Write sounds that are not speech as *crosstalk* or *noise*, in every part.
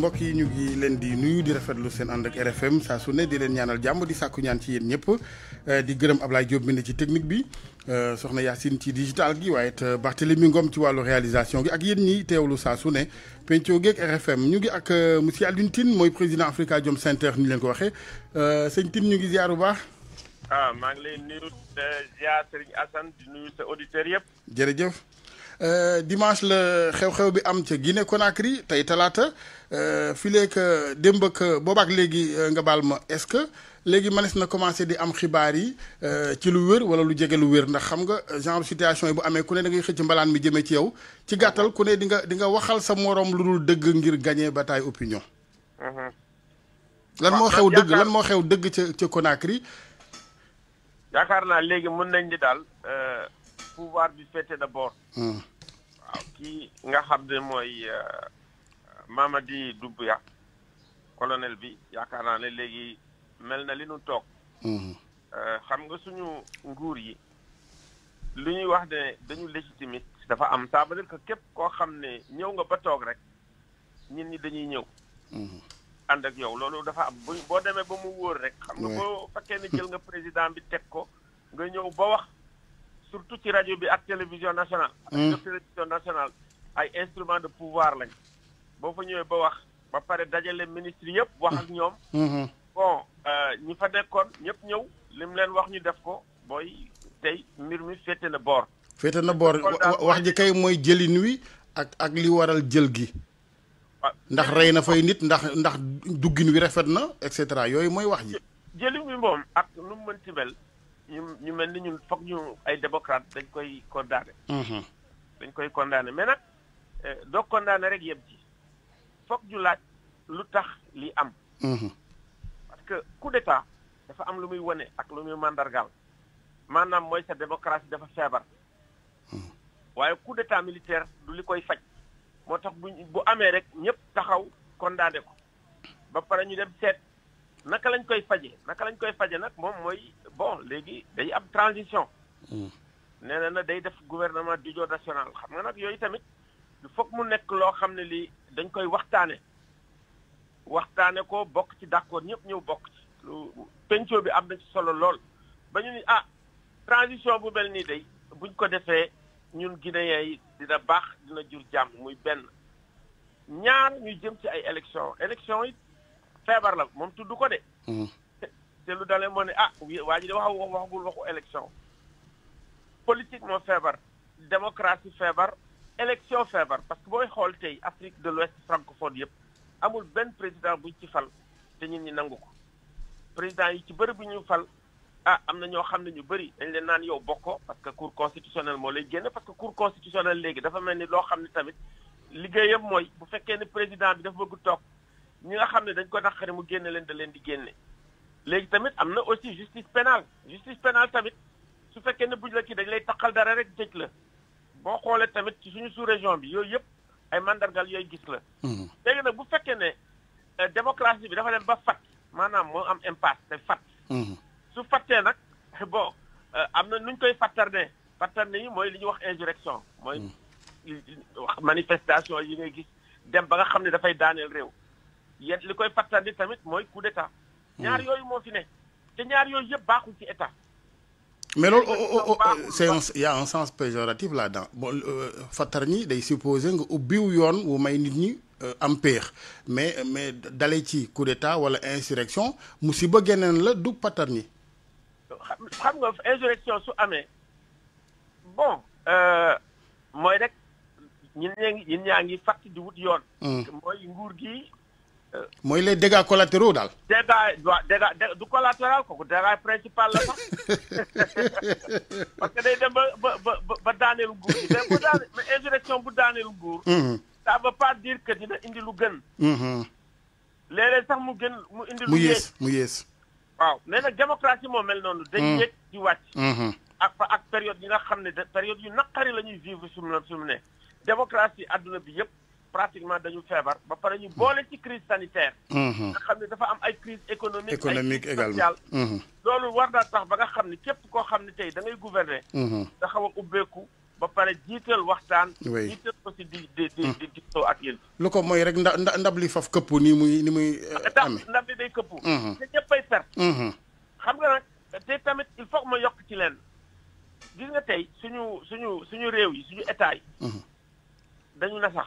mbokk yi ñu ngi leen di nuyu di rafetlu seen ànd ak RFM saa su ne di leen ñaanal jàmm di sàkku ñaan ci yéen ñëpp eh, di gërëm Ablaye Diop mi ne ci technique bi eh, soxna Yacine ci digital gi waaye it eh, Barthélémy Ngom ci wàllu réalisation gi ak yéen ñi teewlu saa su ne penco geeg RFM ñu ngi ak monsieur Alioune Tine mooy président Afrikajom Center ni leen ko waxee sëñ Tine ñu ngi ziar u baax. ah maa ngi lay nuyu ziar Serigne Assane di nuyu yëpp. jërëjëf. Euh, dimanche la xew-xew bi am ca Guinée Conakry tey talaata euh, fileeg démb ak euh, boobaak léegi nga baal ma est-ce que léegi mënees na commencé di am xibaar yi ci lu wér wala lu jege lu wér ndax xam nga genre situation yi bu amee ku ne da ngay xëcc mbalaan mi jëmee ci yow ci gàttal ku ne di nga di nga waxal sa moroom lu dul dëgg ngir gañee bataille opinion. Mm-hmm. lan moo xew dëgg lan moo xew dëgg ca ca Conakry. yaakaar naa léegi mën nañ di daal pouvoir bi féete d'abord. Hmm. waaw kii nga xam de mooy euh, Mamadi Doumbouya kolonel bi yaakaar naa ne léegi mel na li nu toog mhm. euh, xam nga suñu nguur yi lu ñuy wax ne dañu légitimiste dafa am ça veut képp koo xam ne ñëw nga ba toog rek ñit ñi dañuy ñëw mhm. ànd ak yow loolu dafa am boo demee ba mu wóor rek xam nga boo fekkee ne jël nga président bi teg ko nga ñëw ba wax surtout ci la bi ak télévision nationale. Mm. télévision nationale ay instruments de pouvoir lañ. boo fa ñëwee ba wax ba dajale ministre wax ak mm. mm-hmm. bon euh, ñi fa ñëpp ñëw lim leen wax ñu def ko na na wax ji kay ak ak li waral jël nit na ñu ñu mel ni ñu foog ñu ay démocrate dañ koy condamné. Mhm. dañ koy condamné mais nag euh, doo condamné rek yem ci foog ñu laaj lu tax li am. Mhm. parce que coup d'état dafa am lu muy wane ak lu muy màndargaal maanaam mooy sa démocratie dafa feebar. Mhm. waaye coup d'état militaire du li koy faj moo tax bu bu amee rek ñëpp taxaw condamné ko ba pare ñu dem seet. naka lañ koy faje naka lañ koy faje nag moom mooy bon léegi day am transition hmm. nee na na day def gouvernement d'union nationale xam nga nag yooyu tamit lu faut mu nekk loo xam ne lii dañ koy waxtaane waxtaane ko bokk ci d'accord ñëpp ñëw bokk ci lu penco bi am na ci solo lool ba ñu ni ah transition bu mel nii day buñ ko defee ñun guinéens yi dina baax dina jur jàmm muy benn ñaar ñuy jëm ci ay élection élection yi feebar la moom tudd ko de. Mm-hmm. te lu dalee moo ne ah waa ji de wax waxagul waxu élection. politique moo feebar démocratie feebar élection feebar parce que booy xool tey Afrique de l'Ouest francophone yëpp amul benn président buñ ci fal te ñun ñi nangu ko président yi ci bëri bu ñu fal ah am na ñoo xam ne ñu bëri dañ leen naan yow bokkoo parce que cour constitutionnel moo lay génne parce que cour constitutionnel léegi dafa mel ni loo xam ne tamit liggéeyam mooy bu fekkee ne président bi dafa bëgg toog ñi nga xam ne dañ ko taxare mu génne leen da leen di génne léegi tamit am na aussi justice pénale justice pénale tamit su fekkee ne buñ la ci dañ lay taqal dara rek tëj la boo xoolee tamit ci suñu sous région bi yooyu yëpp ay mandargal yooyu gis la hmm. léegi nag bu fekkee ne euh, démocratie bi dafa dem ba fat maanaam moo am impasse te fat hmm. su fattee nag *laughs* bon euh, am na nuñ koy fattarne fattarne yi mooy li ñuy wax insurrection mooy hmm. wax manifestation yi ngay gis dem ba nga xam ne dafay daaneel réew yéen li koy fàttali tamit mooy coup d'état hmm. ñaar yooyu moo fi ne te ñaar yooyu yëpp baaxul ci état mais loolu oh, oh, oh, c'est un y a un sens péjoratif là-dedans bon euh, fattar ñi day supposé nga ubbiw yoon wu may nit ñi euh, am péex mais mais dale ci coup d'état wala insurrection musiba geneen la du fattar ñi xam nga insurrection su amee bon euh, mooy rek ñun ñi ngi ñun ñaa ngi fàtt di wut yoon hmm. mooy nguur gi mooy les dégâts collatéraux daal. dégâts waaw dégâts du collatéral kooku dégâts principal la sax *laughs* parce que day dem ba ba ba ba daaneelu nguur gi mais bu daane mais insurrection bu daaneelu nguur. Mm-hmm. ça veut pas dire que indi lu gën. Mm-hmm. léeg-léeg sax mu gën mu indi. lu yées mu yées waaw mais nag démocratie moo mel noonu. dañ mm-hmm. yéeg di wàcc. ak fa ak période yi nga xam ne période yu naqari la ñuy vivre su mu ne su mu bi yëpp. pratiquement dañu feebar ba pare ñu boole ci crise sanitaire mhm. xam ne dafa am ay crise économique économique également mhm. loolu war naa tax ba nga xam ne képp koo xam ne tey da ngay gouverner mhm. nga xaw a ubbeeku ba pare jiital waxtaan jiital aussi di di di di ak lu ko moy rek nda nda ndab li faf këpp ni muy ni muy euh, amee ndab li day këpp te ñëppay perte xam nga nag te tamit il faut ma yokk ci leen gis nga tey suñu suñu suñu réew yi suñu état yi dañu na sax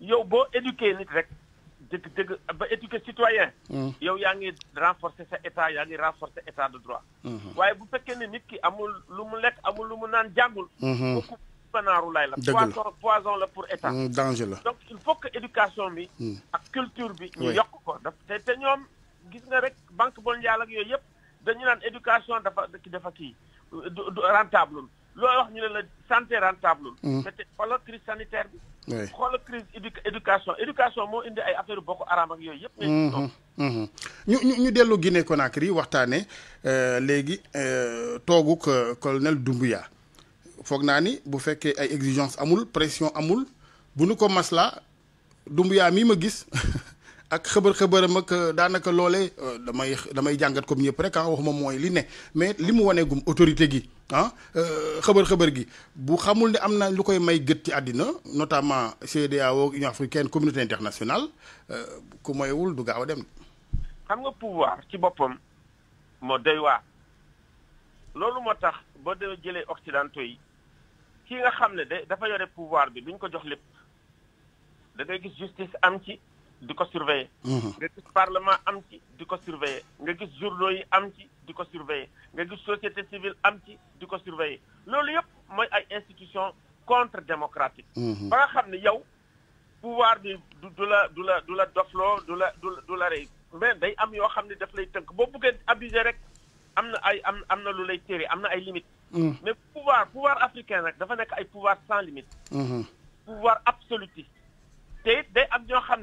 yow boo éduquer nit rek dëgg dëgg ba éduquer citoyen mm. yow yaa ngi renforcer sa état yaa ngi renforcer état de droit mm-hmm. waaye bu fekkee ne nit ki amul lu mu lekk amul lu mu naan jàngul mm-hmm. kooku banaaru lay la poison poison la pour état mm, danger la donc il faut que éducation bi mm. ak culture bi ñu yokk ko daf te te ñoom gis nga rek banque mondiale ak yooyu yëpp dañu naan éducation dafa dafa kii rentable looy wax ñu ne la santé rentable lul mm. te xoolal sanitaire bi xoolal crise éducation éducation moo indi ay affaire boko araam ak yooyu yëpp mm-hmm. ne mm-hmm. ñu ñu ñu dellu Guinée Conakry waxtaane euh, léegi euh, toogu colonel Doumbouya foog naa ni bu fekkee ay exigence amul pression amul bu nu ko masla Doumbouya mii ma gis *laughs* ak xëbër xëbëram ak euh, daanaka loole euh, damay damay jàngat comme ñëpp rek ah waxuma mooy li ne mais li mu wanee gum autorité gi ah euh, xëbër xëbër gi bu xamul ne am na lu koy may gët ci àddina notament notamment CEDEAO Union africaine communauté internationale ku moywul du gaaw a dem. xam nga pouvoir ci boppam moo doy waa loolu moo tax boo dee jëlee occidentaux yi ki nga xam ne de dafa yore pouvoir bi duñ ko jox lépp da gis justice am ci. di ko surveiller mhm. nga gis parlement am ci di ko surveiller nga gis journaux yi am ci di ko surveiller nga gis société civile am ci di ko surveiller loolu yëpp mooy ay institution contre démocratique mhm. ba nga xam ne yow pouvoir bi du la du la du la dofloo du la du la rey mais day am yoo xam ne daf lay tënk boo buggee abuser rek am na ay am am na lu lay ay limites mhm. mais pouvoir pouvoir africain nag dafa nekk ay pouvoir sans limite pouvoir absolutiste te day am ñoo xam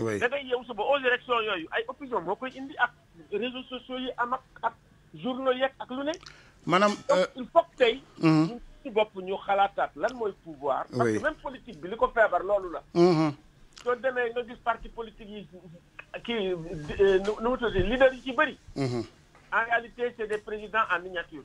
oui da ngay yow suba aux élections yooyu ay opposition moo koy indi ak réseaux sociaux yi am ak ak journaux yeeg ak lu ne. maanaam euh, il faut que tey. Mhm. ñun ci bopp ñu xalaataat lan mooy pouvoir. même politique bi li ko feebar loolu la. Mhm. soo demee nga gis parti politique yi kii euh, nu mu leader yi ci bëri. Mhm. en réalité c'est des présidents en miniature.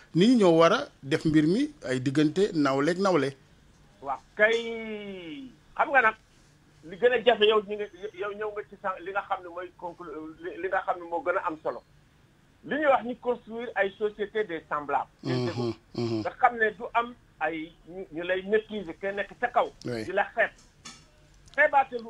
nit ñi ñoo war a def mbir mi ay diggante nawleeg nawle. waaw kay xam nga nag li gën a jafe yow ñi yow ñëw nga ci sa li nga xam ne mooy conclu li nga xam ne moo gën a am solo li ñuy wax ñu construire ay société des semblables. Mhm, mhm. nga xam ne du am ay ñu lay maîtriser ke nekk sa kaw. di la xeeb xeebaate lu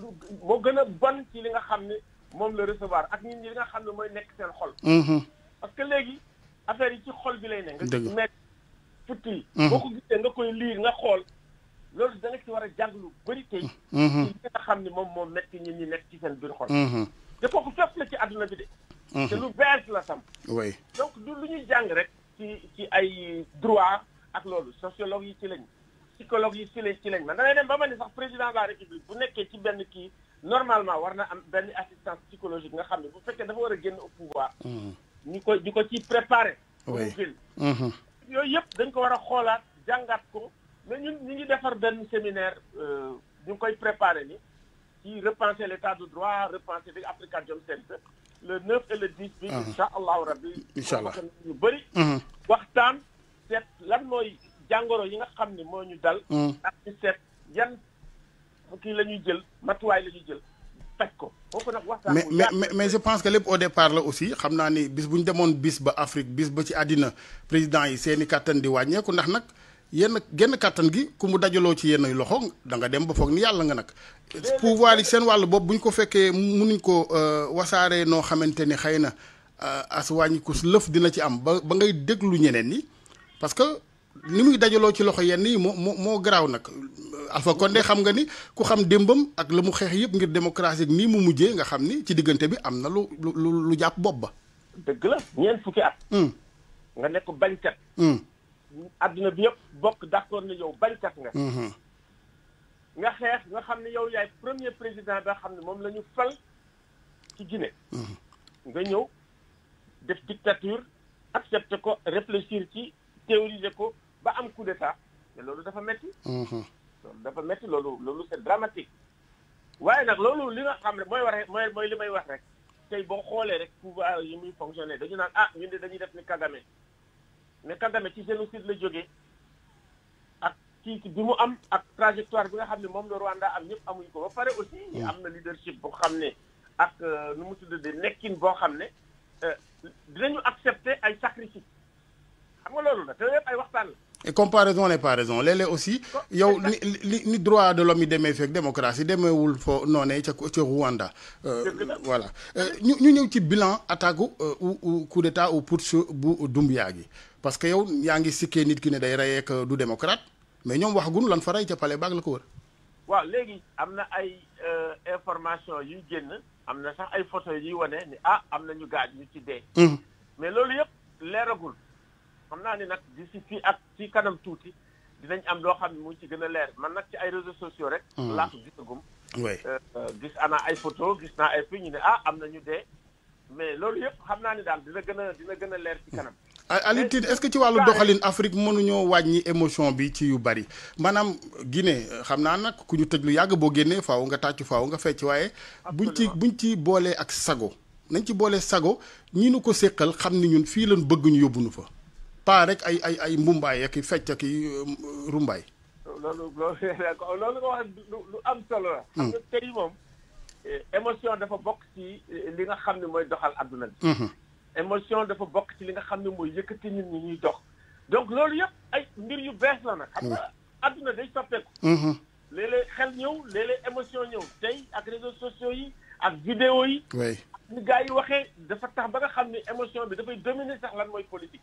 lu moo gën a bon ci li nga xam ne moom la recevoir ak ñun ñi li nga xam ne mooy nekk seen xol. Mhm. parce que léegi affaire yi ci xol bi lay ne. nga nekk futti yi. Mhm. boo nga koy lire nga xol loolu da mhm. nga ci wara a bari tay ci nga xamni mom mom metti ñun ñi nekk ci seen biir xol. Mhm. te ko fépp la ci aduna bi de. ci lu bees la sam way donc du lu ñu jàng rek ci ci ay droit ak loolu sociologue yi ci lañ psychologue yi ci lañ ci lañ man da ngay dem ba ma ne sax président de la république bu nekké ci benn ki normalement war na am benn assistance psychologique nga xamni bu fekkee dafa war a génn au pouvoir. ñu ko ñu ko ciy préparé. oui mm-hmm. yooyu yëpp dañ ko war a xoolaat jàngaat ko mais ñu ñu ngi defar benn séminaire euh, ñu koy préparé ni ci repenser l' état de droit repenser bi Africa Jom Center le 9 et le 10. bi mm-hmm. incha allahu rabbi. incha allah ñu bëri. Mm-hmm. waxtaan seet lan mooy jàngoro yi nga xam ni moo ñu dal. ak ñu seet yan kii la ñuy jël matuwaay la ñuy jël. ko mais mais mais je pense que les au départ là aussi xamna ni bis bu ñu bis ba Afrique bis ba ci adina président yi seen i di wagne ko ndax nak yenn genn kàttan gi ku mu dajaloo ci yenn loxo da nga dem ba foog ni yalla nga nak pouvoir yi seen walu bop buñ ko fekkee munuñ ko euh, wasaaree noo xamante ni xëy na euh, as wàññiku dina ci am ba ba ngay déglu ñeneen ni parce que ni muy dajaloo ci loxo yenn yi moo moo moo garaaw nag kon Condé xam nga ni ku xam démbam ak la mu xeex yëpp ngir démocratie nii mu mujjee nga xam ni ci diggante bi am na lu lu lu jàpp bopp ba. dëgg la ñeent fukki at. Hmm. nga nekk bañkat. Hmm. bi yëpp bokk d'accord ne yow bañkat nga. Hmm. nga xeex nga xam ne yow yaay premier président ba xam ne moom lañu ñu fal ci Guinée. nga ñëw def dictature accepté ko réfléchir ci. théoriser ko ba am coup d'état mais lolu mhm. dafa metti loolu dafa metti lolu lolu c'est dramatique waye nak lolu li nga xam rek moy wax moy mooy mooy wax rek tay bo xolé rek pouvoir yi muy fonctionner dañu naan ah ñun de dañuy def ni Kagame mais Kagame ci génocide la jógee ak ci bi mu am ak trajectoire bi nga xam ne moom Rwanda am ñep amuñ ko ba pare aussi mm. amna leadership boo xamné ak euh, nu mu tudde de nekkin bo xamné ne euh, dinañu accepter ay sacrifice xam nga loolu la te yëpp ay waxtaan la. comparaison n'est pas raison léeg-léeg aussi. yow li ni droit de l'homme yi demee fekk démocratie demeewul fo noonee ca ca Rwanda. Euh, voilà euh, ñu ñu ñëw ci bilan attaque euh, ou coup d'état ou putsch bu Doumbouya gi parce que yow yaa ngi sikkee nit ki ne day rey ak du démocrate mais ñoom waxaguñ lan fa rey ca palais baag la ko wër. waaw léegi am na ay information yuy génn am na sax ay photos yi wane ni ah am na ñu gaañ ñu ci dee. Hum. mais loolu yëpp leeragul. xam naa ni nag di si fii ak ci kanam tuuti dinañ am loo xam ne mu ngi ci gën a leer man nag ci ay réseaux sociaux rek. Hmm. laa ko gisagum. oui euh, euh, gis ana ay photo gis naa ay fi ñu ne ah am na ñu dee mais loolu yëpp xam naa ni daal gën a dina gën a leer ci hmm. est-ce que ci wàllu doxalin Afrique mënuñoo wàññi émotion bi ci yu bari maanaam Guinée xam naa nag ku ñu tëj lu yàgg boo génnee faaw nga tàccu faaw nga fecc waaye. buñ ci buñ ci boolee ak sago nañ ci boolee sago ñu nu ko séqal xam ni ñun fii lañ bëgguñu yóbbu nu fa. pas rek ay ay ay mbumbaay ak i fecc ak um, rumbaay. loolu loolu *laughs* loolu nga wax lu am solo la. xam nga hmm. tey moom eh, émotion dafa bokk ci eh, li nga xam ne mooy doxal adduna bi. Hmm. émotion dafa bokk ci li nga xam ne mooy yëkkati nit ñi ñuy dox. donc loolu yëpp ay mbir yu bees la nag. xam nga adduna day soppeeku. Hmm. léeg-léeg xel ñëw léeg-léeg émotion ñëw tey ak réseaux sociaux yi ak vidéo yi. oui ak ni gars yi waxee dafa tax ba nga xam ne émotion bi dafay dominer sax lan mooy politique.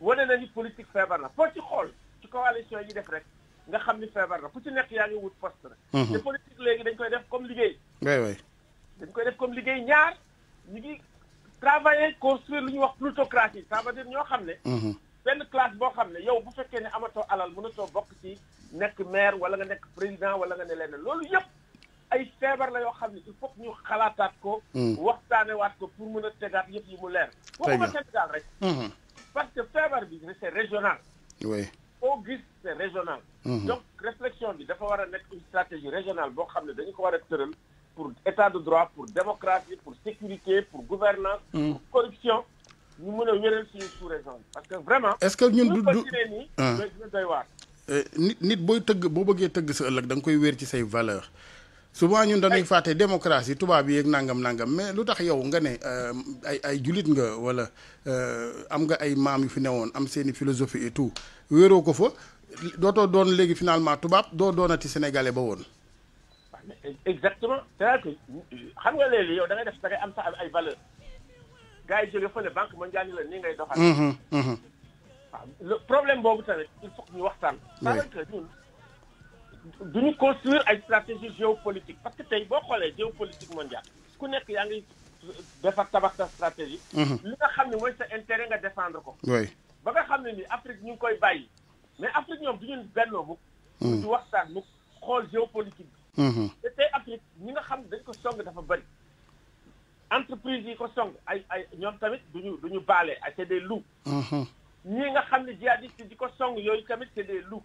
wane na ni politique feebar na foo ci xool ci coalition yi def rek nga xam ni feebar la ku ci nekk yaa ngi wut poste na mhm. te politique léegi dañ koy def comme liggéey way way dañ koy def comme liggéey ñaar ñu ngi travailler construire lu ñuy wax plutocratie ça veut dire ñoo xam ne mhm. benn classe boo xam ne yow bu fekkee ne amatoo alal mënatoo bokk ci nekk maire wala nga nekk président wala nga ne leneen loolu yëpp ay feebar la yoo xam ne il faut ñu xalaataat ko mhm. waxtaanewaat ko pour mën a tegaat yëpp yi mu leer waxuma Sénégal rek parce que feebar business, c'est régional. oui Auguste, c'est régional. Mhm. donc réflexion il faut avoir une stratégie régionale pour état de droit pour démocratie pour sécurité pour gouvernance mhm. pour corruption nous voulons a wéral suñu sous-région parce que vraiment. est-ce que ñun du du nii. Ah. Eh, nit nit booy tëgg boo bëggee sa souvent ñun dañuy fàtte démocratie tubaab yi ak nangam nangam mais lu tax yow nga ne euh, ay ay jullit nga wala euh, am nga ay maam yu fi newoon am seeni philosophie et tout wéeroo ko fa dootoo doon léegi finalement tubaab doo doonati sénégalais ba woon. exactement xam nga léegi yow da ngay da ngay mhm, mhm. boobu tamit du construire ay stratégie géopolitique parce que tey boo xoolee géopolitique mondial ku nekk yaa ngi defar tabax sa stratégie. Mhm. li nga xam ne mooy sa intérêt nga défendre ko. ba nga xam ne ni Afrique ñu ngi koy bàyyi mais Afrique ñoom du ñu bennoo mukk. Mhm. du waxtaan mukk xool géopolitique bi. Mhm. te tey Afrique ñi nga xam dañ ko song dafa bëri. entreprise yi ko song ay ay ñoom tamit duñu duñu du baale ay c'est des loups. ñii nga xam ne jihadiste di ko song yooyu tamit c'est des loups.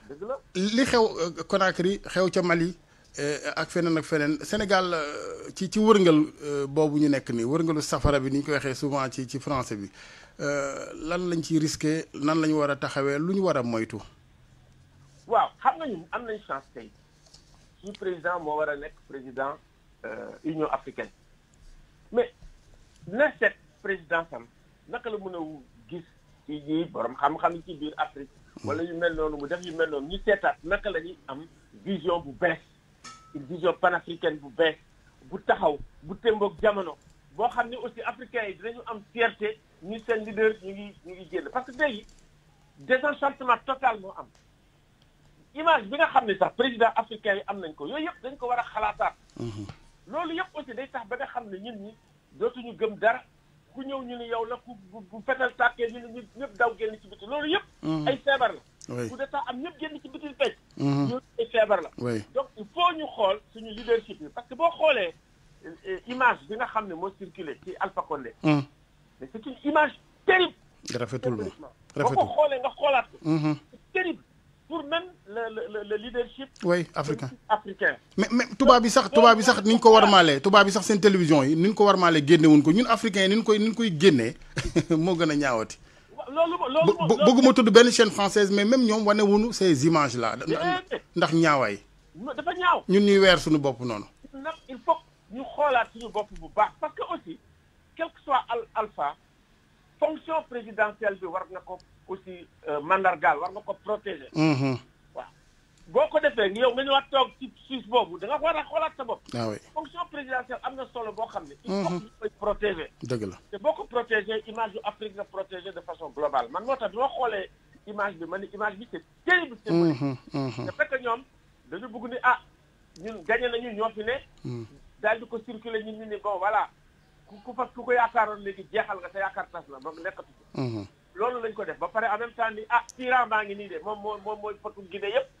li xew euh, Conakry xew ca Mali euh, ak feneen ak feneen Sénégal euh, ci ci wërngal boobu ñu nekk nii wërngalu safara bi ni ñu koy waxee souvent ci ci français bi lan lañ ciy risqué nan lañu ñu war a taxawee lu ñu war a moytu. waaw xam nga am nañ chance tey suñu président moo war a nekk président Union africaine mais na seet président sam naka la mën a gis ci ji borom xam-xam ci biir Afrique. wala yu mel noonu mu def yu mel noonu ñu seetaat naka la ñuy am vision bu bees une vision panafricaine bu bees bu taxaw bu témboog jamono boo xam ne aussi africains yi dinañu am fierté ñu seen leader ñu ngi ñu ngi génn parce que tey désenchantement total moo am image bi nga xam ne sax président africain yi am nañ ko yooyu yëpp dañ ko war a xalaataat mhm. loolu yëpp aussi day sax ba xam ne ñun ñi dootuñu gëm dara ku ñëw ñu ni yow la ku bu fetal tàkkee ñu ne ñëpp daw génn ci biti loolu yëpp. Mhm. ay feebar la. ku dee am ñëpp génn ci biti tey. Mhm. loolu ay feebar la. donc il faut ñu xool suñu leadership yi parce que boo xoolee euh, euh, image bi nga xam ne moo circulé ci Alpha Condé. Mhm. mais c'est une image terrible. rafetul boo ko xoolee nga xoolaat ko. c'est terrible pour même le le le leadership. oui africain chrétien. mais mais tubaab bi sax tubaab bi sax ni ñu ko war maalee tubaab bi sax seen télévision yi ni ñu ko war maalee génne wuñ ko ñun africain yi ni koy ni ñu koy génnee *laughs* moo gën a ñaawati. loolu loolu bëgguma tudd benn chaîne française mais même ñoom wane wuñu ces images là. Eh, eh, eh. ndax ñaawaay. dafa ñaaw ñun ñuy weer suñu bopp noonu. il faut ñu xoolaat suñu bopp bu baax parce que aussi quel que soit al alpha fonction présidentielle bi war na ko aussi euh, mandargaal war na ko boo ko defee yow nga ñëwaat toog ci suuf boobu danga nga war a xoolaat sa bopp. ah oui fonction présidentielle am na solo boo xam ne. il faut mhm. koy protéger. dëgg la te boo ko protéger image yu Afrique la protéger de façon globale man moo tax bi ma xoolee image bi ma ni image bi c'est terrible. c'est vrai mhm, mhm. te fekk ñoom dañu bëgg ni ah ñun gagné nañu ñoo fi ne. daal di ko circuler ñun ñu ne bon voilà ku ku fa ku ko yaakaaroon léegi jeexal nga sa yaakaar tas na ba nekkatu ko. loolu lañ ko def ba pare en même temps ni ah, ngi nii de moom moo moom mooy potu Guinée yëpp.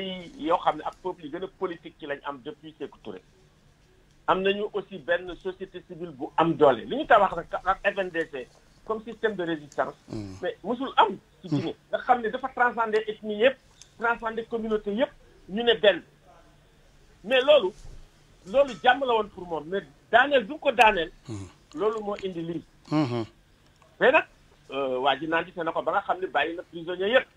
pays yoo xam ak peuple yi gën politique ci lañ am depuis Sékou Touré am nañu aussi ben société civile bu am doole li ñu tabax nag ak FNDC comme système de résistance mm. mais mosul am ci ci mm. nga xamné dafa transcender ethnie yépp transcender communauté yépp ñu né benn mais lolu lolu jamm la won pour moom mais daaneel du ko daaneel mm. lolu mo indi lii mm-hmm. mais nak euh, waa ji naan gis na ko ba nga xam ne bàyyi na prisonnier yépp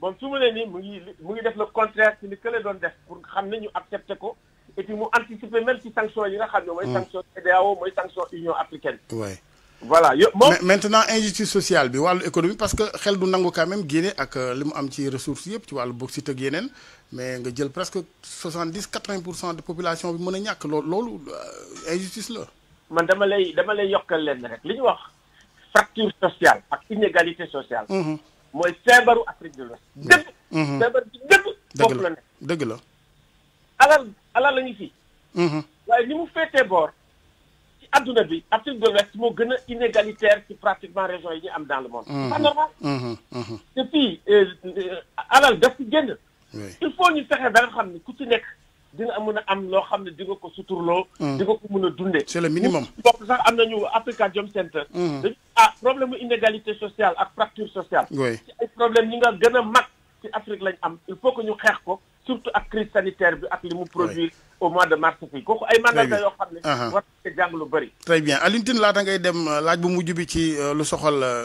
bon su ma nee nii mu ngi mu ngi def le contraire ci li la doon def pour xam ne ñu accepté ko et puis mu anticiper même ci sanction yi nga xam ne. mooy mm. sanction CEDEAO mooy sanction Union africaine. ouais voilà yo maintenant injustice sociale bi wàllu économie parce que xel du nangu quand même Guinée ak euh, li mu am ci ressources yëpp ci wàllu bauxite ak yeneen mais nga jël presque 70 80 de population bi mën a ñàkk loolu euh, injustice la. man dama lay dama lay yokkal leen rek li ñu wax fracture sociale ak inégalité sociale. Mm-hmm. mooy feebaru Afrique de l'Ouest. dëpp mhm. bi dëpp foofu la nekk dëgg la alal alal la ñu fi. Mhm. ni mu ci bi Afrique de l'Ouest moo gën a inégalitaire ci pratiquement région yi ñu am dans le monde. Mhm. c'est pas normal. Euh, euh, alal ci il faut ñu ba nga ku ci dina mën a am loo xam ne di nga ko suturloo. Mm. di nga ko mën a dundee. c'est le minimum bokk sax am nañu Africa Jom Center. Mm. dañu ah problème mu inégalité sociale ak fracture sociale. ci ay problème yi nga gën a mag ci Afrique lañ am il faut que ñu xeex ko surtout ak crise sanitaire bi ak li mu produire au mois de mars fii kooku ay mandat yoo xam ne. Uh-huh. war na jàng lu bëri. très bien Alioune Tine laata ngay dem euh, laaj bu mujj bi ci euh, lu soxal. Euh,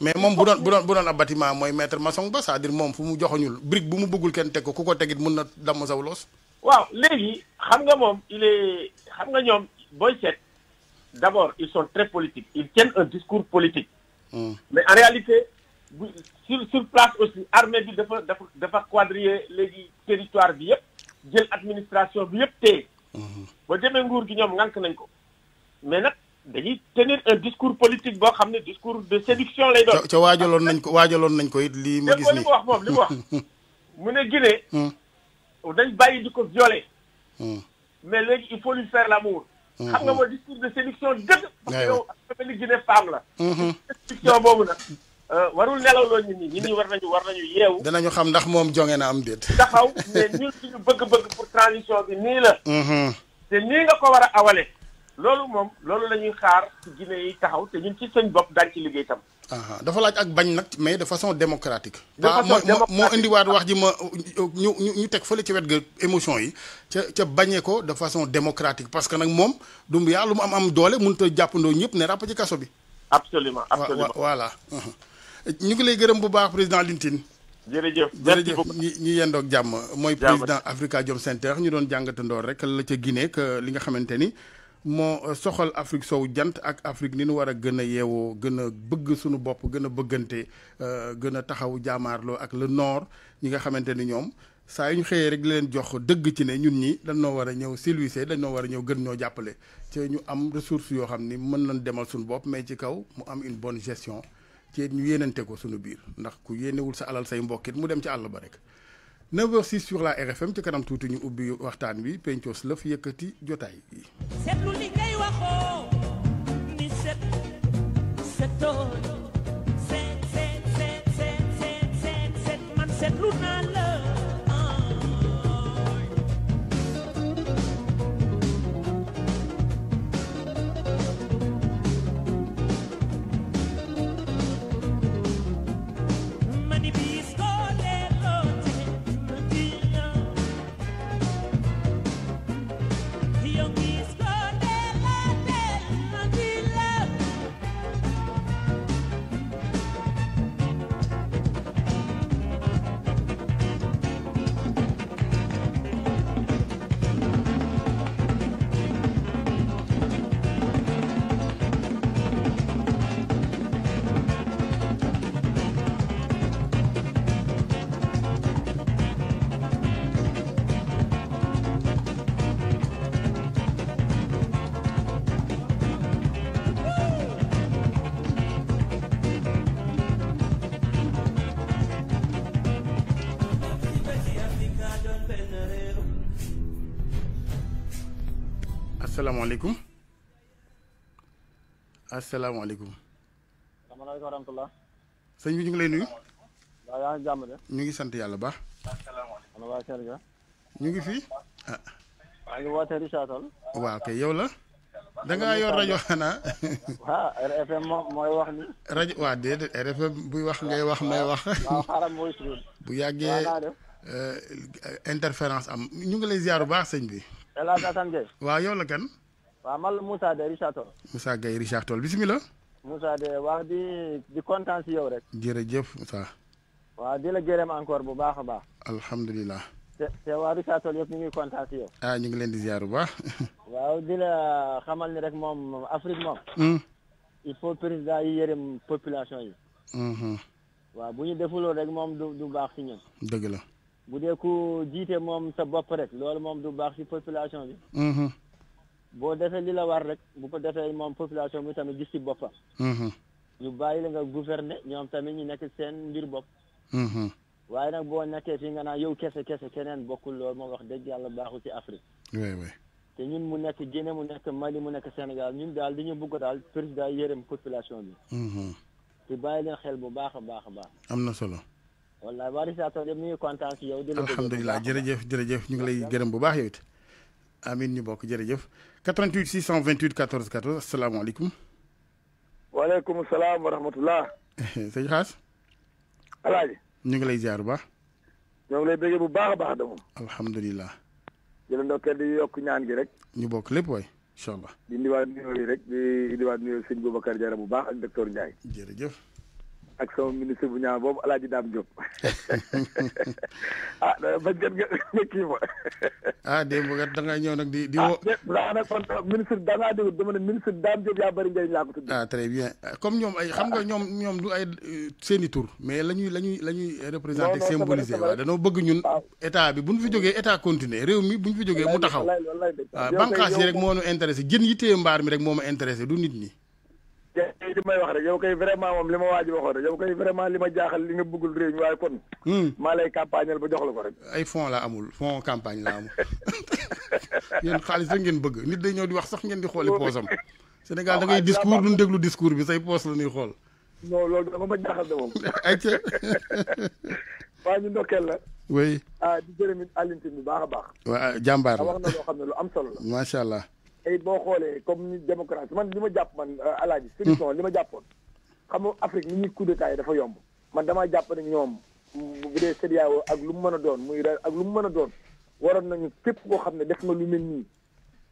mais mom bu doon bu doon bu doon bâtiment mooy maître maçon ba cest dire mom fu mu joxoñul brique bu mu bëggul kenn teg ko ku ko tegit mun na damm saw loos waaw léegi xam nga mom il est xam nga ñom boy set d'abord ils sont très politiques ils tiennent un discours politique hmm. mais en réalité sur sur place aussi armée bi dafa dafa quadriller léegi territoire bi yépp jël administration bi yépp té hmm. ba demee nguur gi ñom ngank nañ ko mais nak dañuy tenir un discours politique boo xam ne discours de séduction lay doon. ca waajaloon nañ ko waajaloon nañ koy lii ma gis nii li mu wax moom li mu wax *laughs* mu ne Guinée. Hmm. dañ bàyyi di ko violer. Hmm. mais léegi il faut lui la l'amour hmm, xam nga mooy discours de séduction dëgg. parce que yow mel ni la. boobu nag. Euh, warul nelaw loo nit ñi nit ñi war nañu war nañu yeewu. danañu xam ndax moom jonge na am déet. taxaw mais ñun suñu bëgg-bëgg pour transition bi nii la. te nii nga ko war a awale. loolu moom loolu lañuy xaar ci Guinée yi taxaw te ñun ci suñ bopp daañu ci liggéey tam. dafa laaj ak bañ nag mais de façon démocratique. de façon démocratique moo indiwaat wax ji ma ñu ñu ñu teg fële ci wet ga émotion yi ca ca bañee ko de façon démocratique parce que nag moom du yaa lu mu am am doole mënut a jàppandoo ñëpp ne ràpp ci kaso bi. absolument absolument voilà. ñu ngi lay gërëm bu baax président lintin jërëjëf jërëjëf ñi ñi yendoog jàmm mooy président Afrikajom Center ñu doon jàngatandoor rek la ca Guinée li nga xamante ni moo soxal Afrique sow jant ak Afrique ni nu war a gën a yeewoo gën a bëgg suñu bopp gën a bëggante euh, gën a taxaw jaamaarloo ak le noor ñi nga xamante ni ñoom saa yu ñu xëyee rek leen jox dëgg ci ne ñun ñi dañ noo war a ñëw silwisee dañ noo war a ñëw gën ñoo jàppale ci ñu am ressource yoo xam ni mën nañ demal suñu bopp mais ci kaw mu am une bonne gestion ci ñu yéenante ko suñu biir ndax ku yéenewul sa alal say mbokkit mu dem ci àll ba rek 9h06 sur la RFM ci kanam tout ñu ubbi waxtaan wi pencos lëf yëkkati jotaay yi. seetlu li ngay waxoo ni set setoo Assalamualaikum. Assalamualaikum. Assalamualaikum. wa sëñ bi ñu ngi lay nuyu. waaw yaa ngi ya, de. ñu *laughs* *laughs* eh, ngi sant yàlla baax. asalaamaaleykum. ñu ngi fii ah. maa ngi wootee Richard Toll. waaw kay yow la. da yor rajo RFM mooy wax ni. rajo waaw déedéet RFM buy wax ngay wax may wax. waaw xaaral mooy bu yàggee interférence am ñu ngi lay baax bi. El Hadj Assane Gueye. waaw yow la kan. waaw man la Moussa Richard Toll. Moussa Gueye Richard Toll bisimilah. Moussa de wax di di kontaan si yow rek. jërëjëf Moussa. waaw di la gërëm encore bu baax a baax. alhamdulilah. te te waa Richard Toll yëpp ñu ngi kontaan si yow. ah ñu ngi leen di ziar bu waaw di xamal ni rek moom Afrique moom. Hmm. il faut président yi yërëm population yi. Hmm, hmm. waaw bu ñu defuloo rek moom du du baax si ñun. dëgg la. bu dee ku jiitee moom sa bopp rek loolu moom du baax ci population bi. Mm-hmm. boo defee li la war rek bu ko defee moom population bi tamit gis ci boppam. Mm-hmm. ñu bàyyi la nga gouverner ñoom tamit ñu nekk seen mbir bopp. Mm-hmm. waaye nag boo nekkee fii nga naan yow kese kese keneen bokkul loolu moom wax dëgg yàlla baaxul ci Afrique. oui oui. te ñun mu nekk Guinée mu nekk Mali mu nekk Sénégal ñun daal di ñu bugg daal président yërëm population bi. te bàyyi leen xel bu baax a baax a baax. am na solo. wallaay bari saa tool yëpp ñu ngi kontaan si di la alhamdulilah jërëjëf jërëjëf ñu ngi lay gërëm bu baax yow it. amin ñu bokk jërëjëf 88 628 14 14 asalaamaaleykum. waaleykum salaam wa rahmatulah. *laughs* sëñ Xaas. Alaaji. ñu ngi lay ziar bu baax. ñoo ngi lay bëggee bu baax a baax de moom. alhamdulilah. jërë ndokkee di yokk ñaan gi rek. ñu bokk lépp waay incha allah. di ndiwaat nuyoo yi rek di ndiwaat nuyoo sëñ Boubacar Diarra bu baax ak docteur Ndiaye. jërëjëf. ak sama ministre bu ñaaw boobu Alaaji Daam Diop *laughs* ah basket nga kii ma. ah démb nga da nga ñëw nag di di ah, woo. ministre da ngaa dama ne ministre Daam Diop yaa bëri njëriñ laa ko ah, très bien comme ñoom ay xam nga ah. ñoom ñoom du ay euh, seeni tur mais la ñuy la ñuy la ñuy représenté symboliser waaw danoo bëgg ñun état bi bu ñu fi jógee état continué réew mi bu ñu fi jógee mu taxaw. waaw bànqaas yi rek moo ñu intéressé jën yi mbaar mi rek moo ma intéressé du nit ñi. li may wax rek yow kay vraiment moom li ma waaj waxoon rek yow kay vraiment li ma jaaxal li nga bëggul réew mi waaye kon. Hmm. maa lay campagneel ba jox la ko rek. ay fonds laa amul fonds campagne la amul *laughs* yéen xaalis rek ngeen bëgg nit day ñëw di wax sax ngeen di xooli poosam. Sénégal *laughs* da ngay ah, discours duñ déglu discours bi say poos la ñuy xool. non loolu dama ma jaaxal de moom. *laughs* ayca. waa ñu ndokkeel la. oui. ah di gërëm Alioune Tine bu baax a baax. waa jàmbaar la wax na loo xam ne lu am solo macha allah. tey boo xoolee comme ni démocratie man li ma jàpp man euh, alaaji solution hmm. li ma jàppoon xam nga Afrique ni ñuy coup d'état yi dafa yomb man damaa jàpp ne ñoom bu dee CEDEAO ak lu mu mën a doon muy re ak lu mu mën a doon waroon nañu képp koo xam ne def na lu mel nii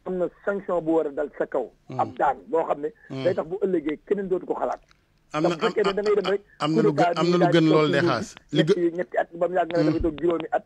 am na sanction bu war a dal sa kaw hmm. ab daan boo xam ne hmm. day tax bu ëllëgee keneen dootu ko xalaat am na fekkee ne da ngay dem rek am na lu gën am na lu gën loolu de xaas li ñetti at ba mu yàgg nga ne dafa toog at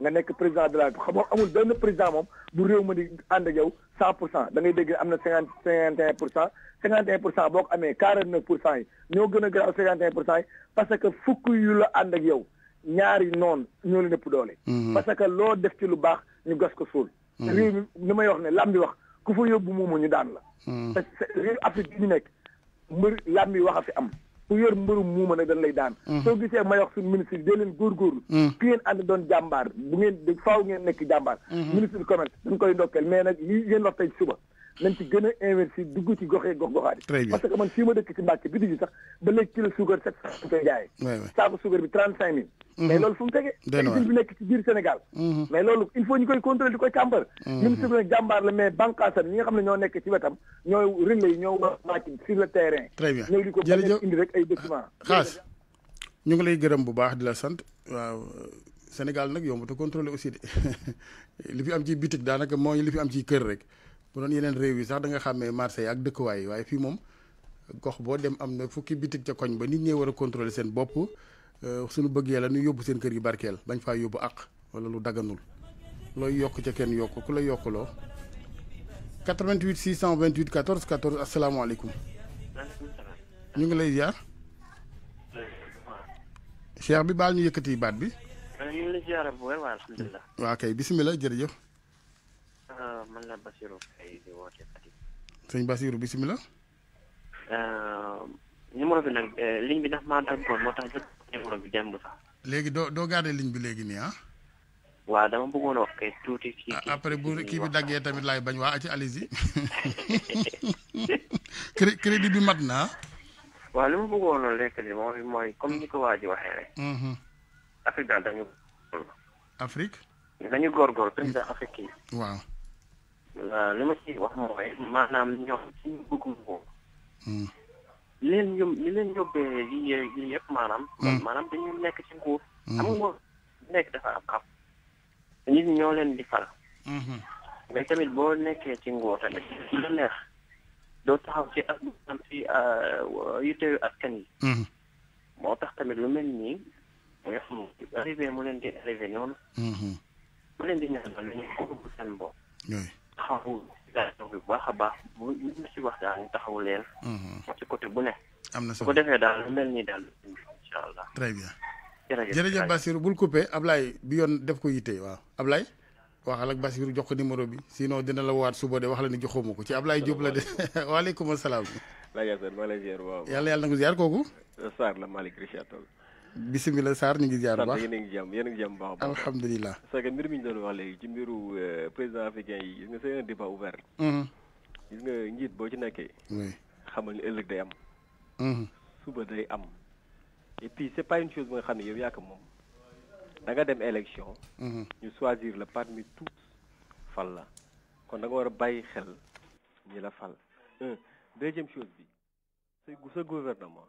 nga nekk président de la République xam amul benn président moom bu réew ma di ànd ak yow cent pour cent da ngay dégg am na cinquante cinquante et un pour cent cinquante et un pour cent boo ko amee quarante neuf pour cent yi ñoo gën a garaaw cinquante un pour cent yi parce que fukk yu la ànd ak yow ñaari noon ñoo leen nepp doole mhm. parce que loo def ci lu baax ñu gas ko suul mhm. réew mi ni may wax ne lam bi wax ku fa yóbbu moomu ñu daan la mhm. te réew Afrique bi ñu nekk mbir lam bi wax a fi am ku yor mbërum muuma nag dañ lay daan mm. soo gisee may wax suñu ministre dee leen góorgóorlu mm. ku ngeen ànd doon jàmbaar bu ngeen faaw ngeen nekk jàmbaar mm-hmm. ministre du commerce koy ndokkeel mais nag lii ngeen wax tey suba nañ ci gën a investir dugg ci gox yeeg gox goxaat yi parce que man fii ma dëkk ci Mbàkke bi di sax ba léegi kilo suukar sept cent ñu bi trente mhm. mais loolu fu mu tegee usine bi nekk ci biir Sénégal mhm. mais loolu il faut ñu koy contrôler di koy càmbar ministre bi nag jàmbaar la mais banqaasam ñi nga xam ne ñoo nekk ci wetam ñooy relais yi ñoo le terrain ñëw di ko bañ indi rek ay documents xaas ñu ngi lay gërëm bu baax di la sant waaw Sénégal nag te contrôler aussi de *laughs* li fi am ci bitik daanaka mooy li fi am ci kër rek bu doon yeneen réew yi sax da nga xàmmee marché yi ak dëkkuwaay yi waaye fii moom gox boo dem am na fukki bitik ca koñ ba nit ñee war a contrôler seen bopp euh, suñu bëgg la ñu yóbbu seen kër yi barkeel bañ faa yóbbu àq wala lu daganul looy yokk ca kenn yokk ku la yokkuloo 88 628 14 14 asalaamaaleykum. ñu ngi lay ziar. cheikh bi baal ñu yëkkati baat bi. ñu ngi lay waa kay bisimilah jërëjëf. Eh, man la Bassirou Faye di woote Fatick. sëñ Bassirou bisimilah. numéro bi nag ligne bi daf maa daggoon moo tax jot numéro bi démb sax. léegi doo doo garder ligne bi léegi nii ah. waaw dama bëggoon wax kay tuuti. kii après bu kii bi daggee tamit laay bañ waa ci crédit bi mat li ma ci wax mooy maanaam ñoom suñu bëggum ko li leen yób li leen yóbbee lii lii yëpp maanaam maanaam dañu nekk ci nguur xam nga nekk dafa am am nit ñoo leen di fal mais tamit boo nekkee ci nguur tamit lu neex taxaw ci ak am si yitteeyu tax tamit lu mel nii mu leen di arrivé noonu mu leen seen bopp taxawu situation bi bu baax a baax bu ñu mhm. bu ne. am na solo ko defee daal lu mel nii daal incha allah. très bien jërëjëf jërëjëf Basirou bul coupé Ablaye bi yoon def ko yitte waaw Ablaye. waxal ak Basirou jox ko numéro bi si noo dina la waat suba de wax la ni joxuma ko ci Ablaye Diop la de *laughs* waaleykum salaam. laa yaa sën maa ngi waaw. yàlla yàlla na ko kooku. Sarr la Malick Richard bismillah sar ñu ngi jaar bu baax yéen a ngi jàmm yéen ngi jàmm baax baax alhamdulilah c'est que mbir mi ñu doon wax léegi ci mbiru euh, président africain yi gis nga c'est un débat ouvert mm-hmm. gis nga njiit boo ci nekkee xamal ni ëllëg day am mm-hmm. suba day am et puis c'est pas une chose ba nga xam ne yow yaaka moom da nga dem élection mm-hmm. ñu choisir la parmi tous fal la kon da nga war a bàyyi xel ñi la fal un deuxième chose bi sa gouvernement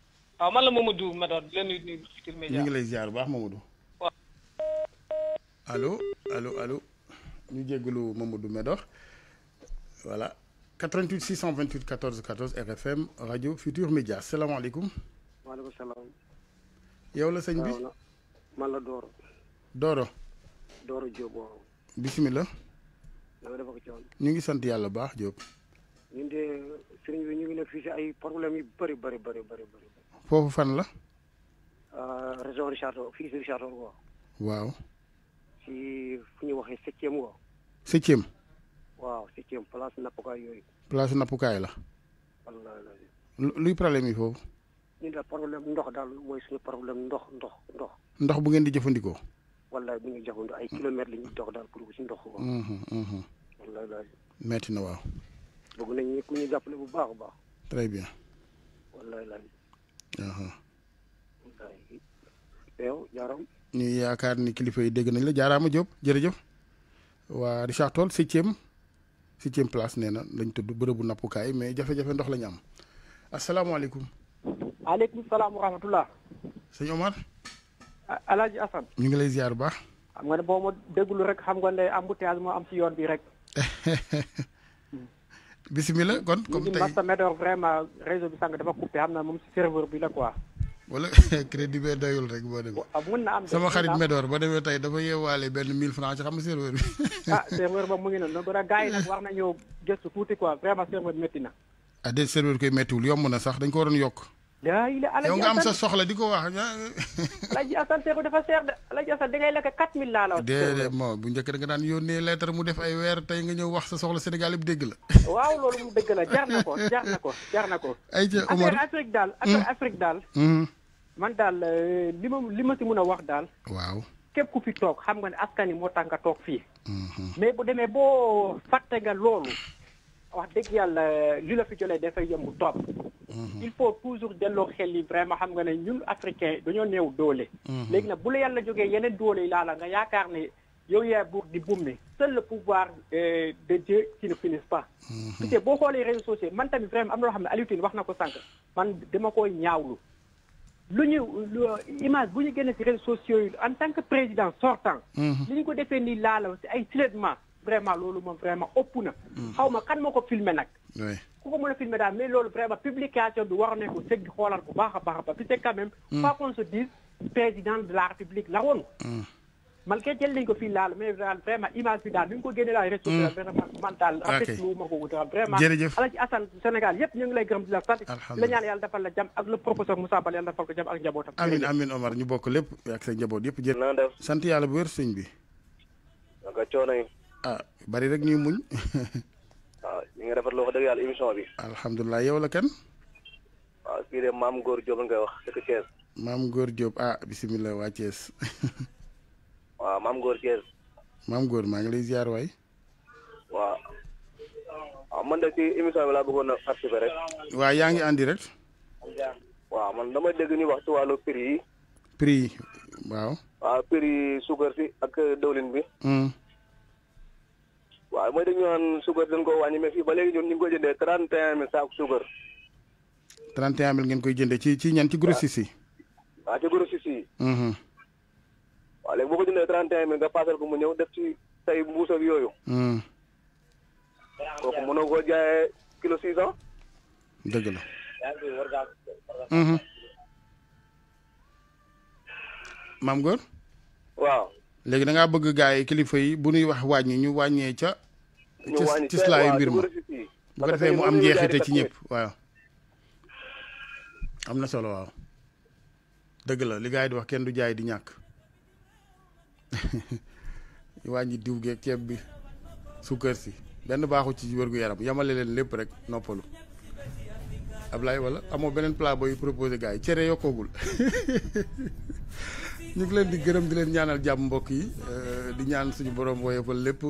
waaw Mamadou Médor ziar Mamadou. Allô, allo allô, Mamadou Médor voilà 88 628 14 14 RFM radio Futur Médias alaikum. alaikum. salam. yow la Doro. Doro. Doro Diop Bismillah. dama def ak ñu ngi sant Yalla baax Diop. de ñu ngi foofu fan la. Euh, région Richard Toll fii si Richard Toll waaw. waaw. si fu ñuy waxee septième waaw. septième. waaw septième place nappukaay yooyu. place nappukaay la. luy problème yi foofu. ñu daal problème ndox daal mooy suñu problème ndox ndox ndox. ndox bu ngeen di jëfandikoo. wallaay bu ñuy jëfandikoo ay kilomètres la ñuy dox daal pour si ndox. Mhm, mhm. wallaay. metti na waaw. bëgg nañ ku ñu jàppale bu baax a baax. très bien. ñu yaakaar ni kilifa yi dégg nañ la jaaraama Diop jërëjëf waa Richard Toll septième septième place nee na lañ tudd bërëbu nappukaay mais jafe-jafe ndox la ñu am asalaamaaleykum. aleykum salaam wa rahmatulah. sëñ Omar. Alaaji Assane. ñu ngi lay ziar bu baax. xam nga ne boo ma dégglu rek xam nga ne embouteillage moo am si yoon bi rek. *laughs* bisimilah kon comme tey parce que Medor vraiment réseau bi sànq dafa coupé xam naa moom serveur bi la quoi. wala *laughs* crédit bee doyul rek boo demee. mun na am sama xarit Medor ba demee tey dafa yeewaale benn 1000 francs ci xam nga serveur bi. *laughs* ah serveur ba mu ngi noonu ba gars yi nag war nañoo gëstu tuuti quoi vraiment serveur bi métti ah, serveur koy méttiwul yomb na sax dañ ko waroon yokk. daa yi la yow nga am sa soxla di ko wax. Alaaji Asan Seexu dafa seex de Alaaji Asan dangay lekk 4000 laa la wax. déedéet moo bu njëkk da daan yónnee lettre mu def ay weer tey nga ñëw wax sa soxla Sénégal yëpp dégg la. waaw loolu mu dégg la jaar na ko jaar na ko jaar na ko. ay ca Omar Afrique daal hmm. affaire Afrique daal. Hmm. man daal euh, li ma li ma si mun a wax daal. waaw képp ku fi toog xam nga ne askan wi moo tax nga toog fii. Hmm, mais bu demee boo fàtte nga loolu. wax dëgg yàlla li la fi jëlee dafay yomb trop. Mhm. il faut toujours delloo xel yi vraiment xam nga ne ñun africain dañoo néew doole. Mhm. léegi nag bu la yàlla jógee yeneen doole yi laa la nga yaakaar ne yow yaa buur di bummi seul le pouvoir euh, de Dieu qui ne finit pas. Mhm. te boo xoolee réseaux sociaux man tamit vraiment am na loo xam ne Aliou wax na ko sànq man dama koy ñaawlu. lu ñu image bu ñu génnee si réseaux sociaux yi en tant que président sortant. li ñu ko defee nii laala si ay traitement. vraiment loolu moom vraiment ëpp na. Mm. xaw ma kan moo ko filmé nag. ku ko mën a filmé daal mais loolu vraiment publication bi war nañ ko segg xoolal bu baax a baax a baax parce que quand même. Mm. quoi président de la république la woon. Mm. malgré jël nañ ko fii laal mais vraiment image bi daal ni ñu ko génne daal réseau bi vraiment man daal rafetlu wu ma ko wutal vraiment Alaaji Assane Sénégal yëpp ñu ngi lay gërëm di la sant la ñaan yàlla defal la jàmm ak le professeur Moussa sant yàlla bu wér sëñ bi naka ah bari rek ñuy muñ. waaw *laughs* ah, ñu ngi rafetlu wax dëgg yàlla émission bi. alhamdulilah yow la kan. waaw ah, kii de maam Góor Diop nga wax dëkk Thiès. Góor Diop ah bisimilah waa Thiès. *laughs* waaw maam Góor Thiès. maam Góor maa ngi lay ziar waay. waaw. Ah, man de ci émission bi laa bëggoon a participer yaa ngi en waaw man damay dégg ñu wax ci wàllu prix yi. prix yi waaw. prix yi suukar si ak dëwlin bi. Hmm. waaw mooy dañu naan suukar dañ koo wàññi mais fii ba léegi ñun ñu ngi koy jëndee trente et un mille saako suukar. ngeen koy jëndee ci ci ñan ci grossiste yi. waaw ci grossiste yi. Mm-hmm. waaw léegi boo ko jëndee trente et un mille nga ko mu ñëw def ci say mbuus ak yooyu. Mm-hmm. kooku mënoo ko jaayee kilo six cent. dëgg la. Mm-hmm. maam Góor. waaw. léegi danga bëgg gars yi kilifa yi bu nuy wax wàññi ñu wàññee ca. ñu wàññi ca mbir ma bu defee mu am njeexite ci ñëpp waaw. am na solo waaw dëgg la li gars di wax kenn du jaay di ñàkk *laughs* ñu wàññi diw geeg ceeb bi sukkër si benn baaxu ci wér gu yaram yamale leen lépp rek noppalu. Ablaye wala amoo beneen plat booy proposé gars yi cere yokkoogul. *laughs* ñu ngi leen di gërëm di leen ñaanal jàmm mbokk yi euh, di ñaan suñu borom woyofal lépp